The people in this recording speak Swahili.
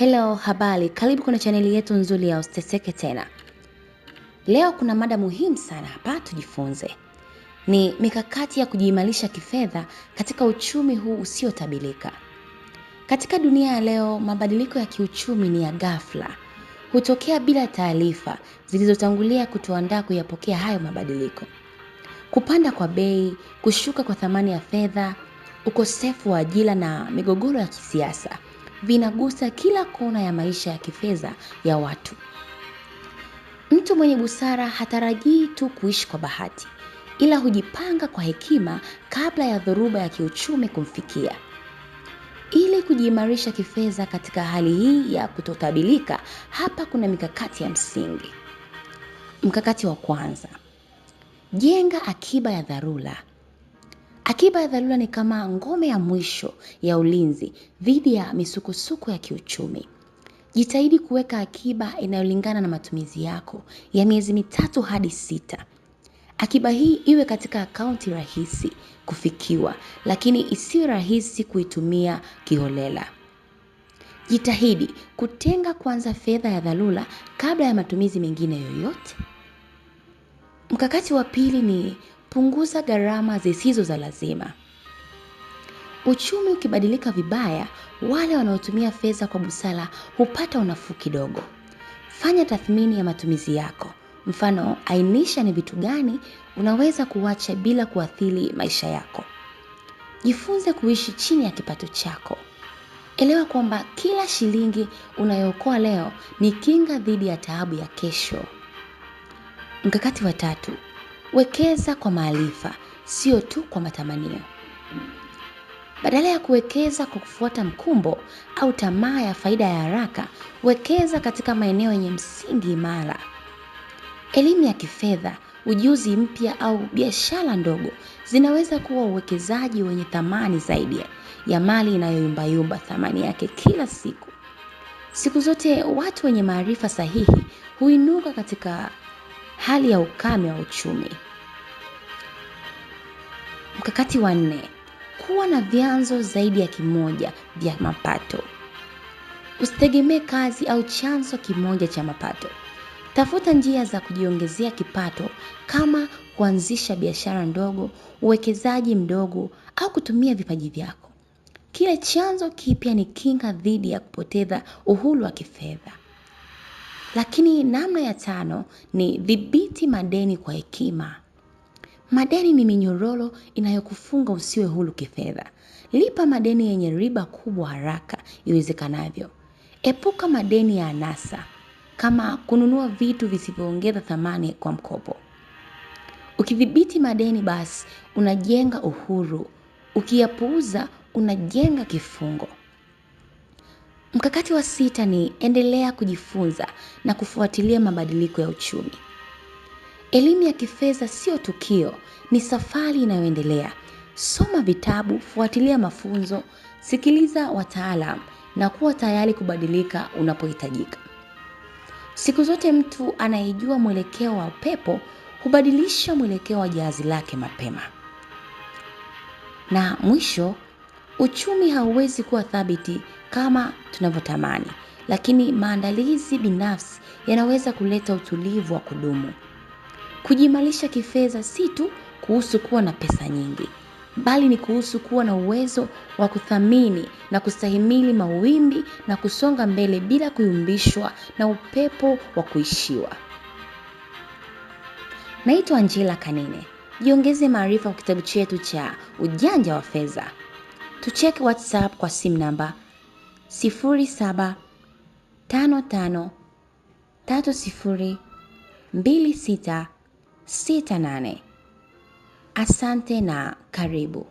Hello, habari, karibu kwenye chaneli yetu nzuri ya Usiteseke Tena. Leo kuna mada muhimu sana hapa, tujifunze ni mikakati ya kujiimarisha kifedha katika uchumi huu usiotabilika Katika dunia ya leo, mabadiliko ya kiuchumi ni ya ghafla, hutokea bila taarifa zilizotangulia kutuandaa kuyapokea hayo mabadiliko. Kupanda kwa bei, kushuka kwa thamani ya fedha, ukosefu wa ajira na migogoro ya kisiasa vinagusa kila kona ya maisha ya kifedha ya watu. Mtu mwenye busara hatarajii tu kuishi kwa bahati, ila hujipanga kwa hekima kabla ya dhoruba ya kiuchumi kumfikia. Ili kujiimarisha kifedha katika hali hii ya kutotabilika, hapa kuna mikakati ya msingi. Mkakati wa kwanza: jenga akiba ya dharura. Akiba ya dharura ni kama ngome ya mwisho ya ulinzi dhidi ya misukosuko ya kiuchumi. Jitahidi kuweka akiba inayolingana na matumizi yako ya miezi mitatu hadi sita. Akiba hii iwe katika akaunti rahisi kufikiwa, lakini isiyo rahisi kuitumia kiholela. Jitahidi kutenga kwanza fedha ya dharura kabla ya matumizi mengine yoyote. Mkakati wa pili ni punguza gharama zisizo za lazima. Uchumi ukibadilika vibaya, wale wanaotumia fedha kwa busara hupata unafuu kidogo. Fanya tathmini ya matumizi yako. Mfano, ainisha ni vitu gani unaweza kuacha bila kuathiri maisha yako. Jifunze kuishi chini ya kipato chako. Elewa kwamba kila shilingi unayookoa leo ni kinga dhidi ya taabu ya kesho. Mkakati wa tatu: Wekeza kwa maarifa, sio tu kwa matamanio. Badala ya kuwekeza kwa kufuata mkumbo au tamaa ya faida ya haraka, wekeza katika maeneo yenye msingi imara. Elimu ya kifedha, ujuzi mpya au biashara ndogo zinaweza kuwa uwekezaji wenye thamani zaidi ya mali inayoyumbayumba thamani yake kila siku. Siku zote watu wenye maarifa sahihi huinuka katika hali ya ukame wa uchumi. Mkakati wa nne, kuwa na vyanzo zaidi ya kimoja vya mapato. Usitegemee kazi au chanzo kimoja cha mapato. Tafuta njia za kujiongezea kipato kama kuanzisha biashara ndogo, uwekezaji mdogo au kutumia vipaji vyako. Kile chanzo kipya ni kinga dhidi ya kupoteza uhuru wa kifedha. Lakini namna ya tano ni dhibiti madeni kwa hekima. Madeni ni minyororo inayokufunga usiwe huru kifedha. Lipa madeni yenye riba kubwa haraka iwezekanavyo. Epuka madeni ya anasa kama kununua vitu visivyoongeza thamani kwa mkopo. Ukidhibiti madeni basi unajenga uhuru. Ukiyapuuza unajenga kifungo. Mkakati wa sita ni endelea kujifunza na kufuatilia mabadiliko ya uchumi. Elimu ya kifedha sio tukio, ni safari inayoendelea. Soma vitabu, fuatilia mafunzo, sikiliza wataalamu na kuwa tayari kubadilika unapohitajika. Siku zote mtu anayejua mwelekeo wa upepo hubadilisha mwelekeo wa jahazi lake mapema. Na mwisho, uchumi hauwezi kuwa thabiti kama tunavyotamani, lakini maandalizi binafsi yanaweza kuleta utulivu wa kudumu. kujimalisha kifedha si tu kuhusu kuwa na pesa nyingi, bali ni kuhusu kuwa na uwezo wa kuthamini na kustahimili mawimbi na kusonga mbele bila kuyumbishwa na upepo wa kuishiwa. Naitwa Angela Kanine. Jiongeze maarifa kwa kitabu chetu cha Ujanja wa Fedha. Tucheke WhatsApp kwa simu namba sifuri saba tano tano tatu sifuri mbili sita sita nane. Asante na karibu.